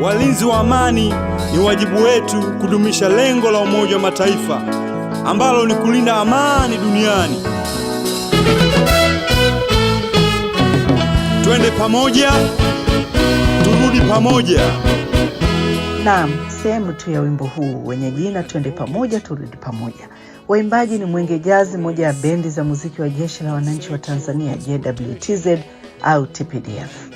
Walinzi wa amani, ni wajibu wetu kudumisha lengo la Umoja wa Mataifa ambalo ni kulinda amani duniani. Twende pamoja, turudi pamoja. Naam, sehemu tu ya wimbo huu wenye jina Twende pamoja, turudi pamoja. Waimbaji ni Mwenge Jazi, moja ya bendi za muziki wa Jeshi la Wananchi wa Tanzania JWTZ au TPDF.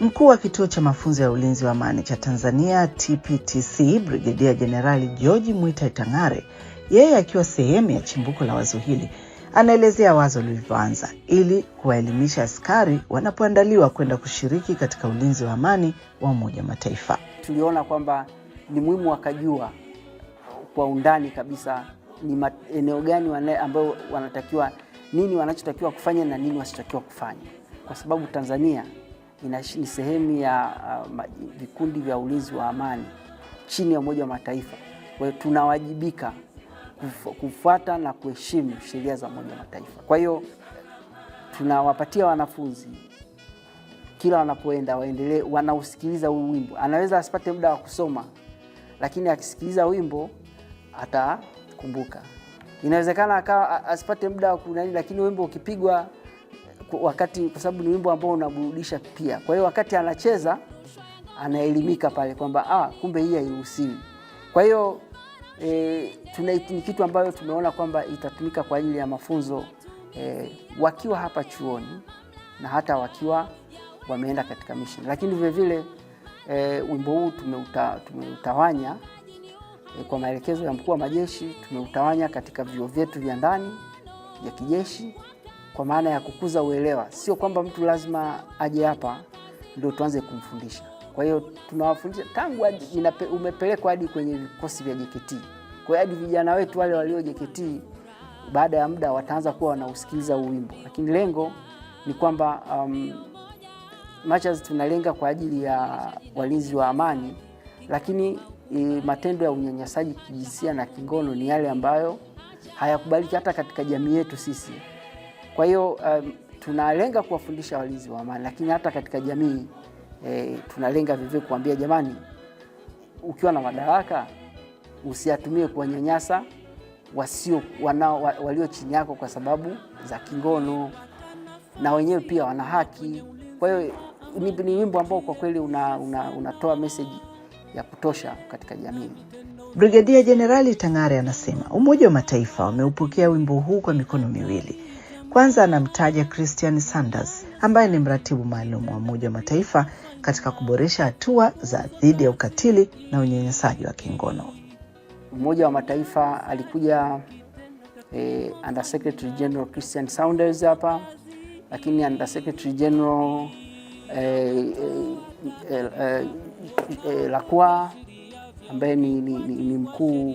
Mkuu wa kituo cha mafunzo ya ulinzi wa amani cha Tanzania TPTC, Brigedia Jenerali George Mwita Tang'are, yeye akiwa sehemu ya chimbuko la wazo hili, anaelezea wazo lilivyoanza ili kuwaelimisha askari wanapoandaliwa kwenda kushiriki katika ulinzi wa amani wa Umoja Mataifa. Tuliona kwamba ni muhimu wakajua kwa undani kabisa ni eneo gani ambayo wanatakiwa nini, wanachotakiwa kufanya na nini wasichotakiwa kufanya, kwa sababu Tanzania ni sehemu ya uh, vikundi vya ulinzi wa amani chini ya Umoja wa Mataifa. Kwa hiyo tunawajibika kufuata na kuheshimu sheria za Umoja wa Mataifa. Kwa hiyo tunawapatia wanafunzi kila wanapoenda waendelee, wanausikiliza huu wimbo. Anaweza asipate muda wa kusoma, lakini akisikiliza wimbo atakumbuka. Inawezekana akawa asipate muda wa kunani, lakini wimbo ukipigwa wakati, kwa sababu ni wimbo ambao unaburudisha pia. Kwa hiyo wakati anacheza anaelimika pale kwamba ah, kumbe hii hairuhusiwi. Kwa hiyo e, ni kitu ambayo tumeona kwamba itatumika kwa ajili ya mafunzo e, wakiwa hapa chuoni na hata wakiwa wameenda katika mission, lakini vilevile e, eh, wimbo huu tumeuta, tumeutawanya e, kwa maelekezo ya mkuu wa majeshi tumeutawanya katika vyuo vyetu vya ndani vya kijeshi kwa maana ya kukuza uelewa. Sio kwamba mtu lazima aje hapa ndio tuanze kumfundisha. Kwa hiyo tunawafundisha tangu umepelekwa hadi kwenye vikosi vya JKT. Kwa hiyo hadi vijana wetu wale walio JKT baada ya muda wataanza kuwa wanausikiliza huu wimbo, lakini lengo ni kwamba um, machas tunalenga kwa ajili ya walinzi wa amani, lakini e, matendo ya unyanyasaji kijinsia na kingono ni yale ambayo hayakubaliki hata katika jamii yetu sisi. Kwa hiyo um, tunalenga kuwafundisha walinzi wa amani, lakini hata katika jamii e, tunalenga vivyo kuambia jamani, ukiwa na madaraka usiyatumie kuwanyanyasa wasio wanao walio chini yako kwa sababu za kingono, na wenyewe pia wana haki. Kwa hiyo ni, ni wimbo ambao kwa kweli una, una, unatoa meseji ya kutosha katika jamii. Brigadia Jenerali Tang'are anasema Umoja wa Mataifa wameupokea wimbo huu kwa mikono miwili kwanza anamtaja Christian Sanders ambaye ni mratibu maalum wa Umoja wa Mataifa katika kuboresha hatua za dhidi ya ukatili na unyenyesaji wa kingono. mmoja wa Mataifa alikuja eh, Under Secretary General Christian Sanders hapa, lakini Under Secretary General eh, eh, eh, eh, e, lakwa ambaye ni, ni, ni, ni mkuu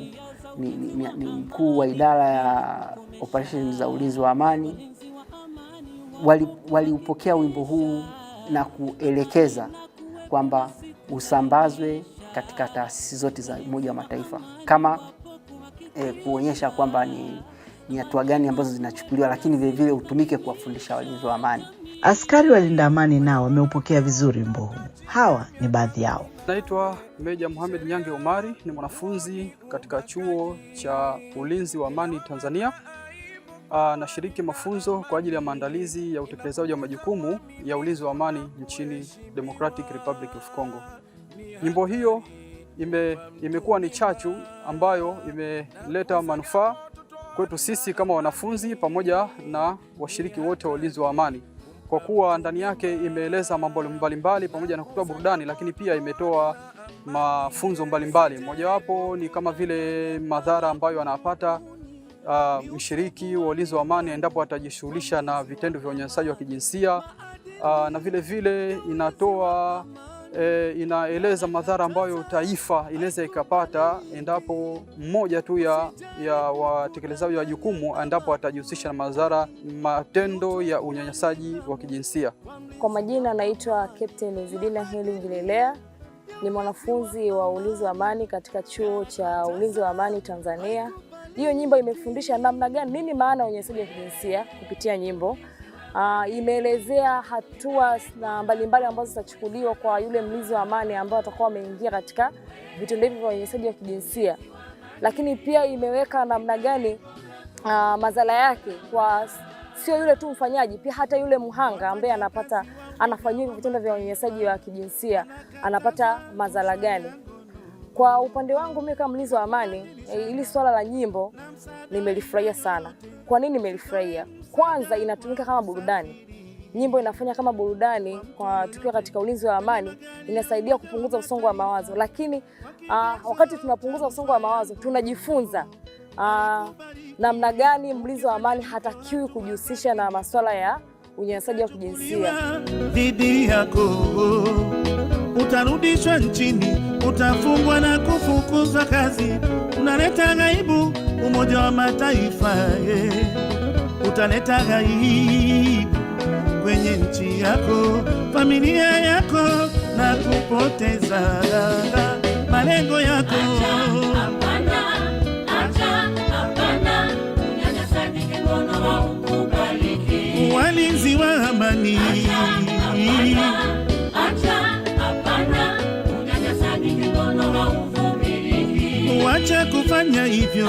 ni, ni, ni mkuu wa idara ya operation za ulinzi wa amani waliupokea wali wimbo huu na kuelekeza kwamba usambazwe katika taasisi zote za Umoja wa Mataifa kama eh, kuonyesha kwamba ni, ni hatua gani ambazo zinachukuliwa, lakini vilevile utumike kuwafundisha walinzi wa amani. Askari walinda amani nao wameupokea vizuri wimbo huu. Hawa ni baadhi yao. Naitwa Meja muhamed Nyange Omari, ni mwanafunzi katika chuo cha ulinzi wa amani Tanzania. anashiriki ah, mafunzo kwa ajili ya maandalizi ya utekelezaji wa majukumu ya ulinzi wa amani nchini Democratic Republic of Congo. Nyimbo hiyo ime, imekuwa ni chachu ambayo imeleta manufaa kwetu sisi kama wanafunzi pamoja na washiriki wote wa ulinzi wa amani kwa kuwa ndani yake imeeleza mambo mbalimbali pamoja na kutoa burudani, lakini pia imetoa mafunzo mbalimbali. Mojawapo ni kama vile madhara ambayo anapata uh, mshiriki wa ulinzi wa amani endapo atajishughulisha na vitendo vya unyanyasaji wa kijinsia uh, na vile vile inatoa e, inaeleza madhara ambayo taifa inaweza ikapata endapo mmoja tu ya, ya watekelezaji wa jukumu endapo atajihusisha na madhara matendo ya unyanyasaji wa kijinsia. Kwa majina anaitwa Captain Zidina Heli Ngilelea, ni mwanafunzi wa ulinzi wa amani katika chuo cha ulinzi wa amani Tanzania. Hiyo nyimbo imefundisha namna gani, nini maana ya unyanyasaji wa kijinsia kupitia nyimbo uh, imeelezea hatua na mbalimbali ambazo zitachukuliwa kwa yule mlinzi wa amani ambao atakuwa ameingia katika vitendo hivi vya unyanyasaji wa kijinsia, lakini pia imeweka namna gani uh, madhara yake kwa sio yule tu mfanyaji, pia hata yule mhanga ambaye anapata anafanyiwa vitendo vya unyanyasaji wa kijinsia anapata madhara gani. Kwa upande wangu mimi kama mlinzi wa amani, eh, ili swala la nyimbo nimelifurahia sana. Kwa nini nimelifurahia? Kwanza inatumika kama burudani, nyimbo inafanya kama burudani kwa tukiwa katika ulinzi wa amani, inasaidia kupunguza msongo wa mawazo. Lakini uh, wakati tunapunguza msongo wa mawazo tunajifunza ah, namna gani mlinzi wa amani hatakiwi kujihusisha na masuala ya unyanyasaji wa kijinsia. Dhidi yako utarudishwa nchini utafungwa na kufukuzwa kazi, unaleta ghaibu Umoja wa Mataifa ye. Utaleta ghaibu kwenye nchi yako, familia yako na kupoteza malengo yako. Walinzi wa amani Wacha kufanya hivyo,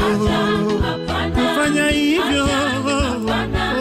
kufanya hivyo.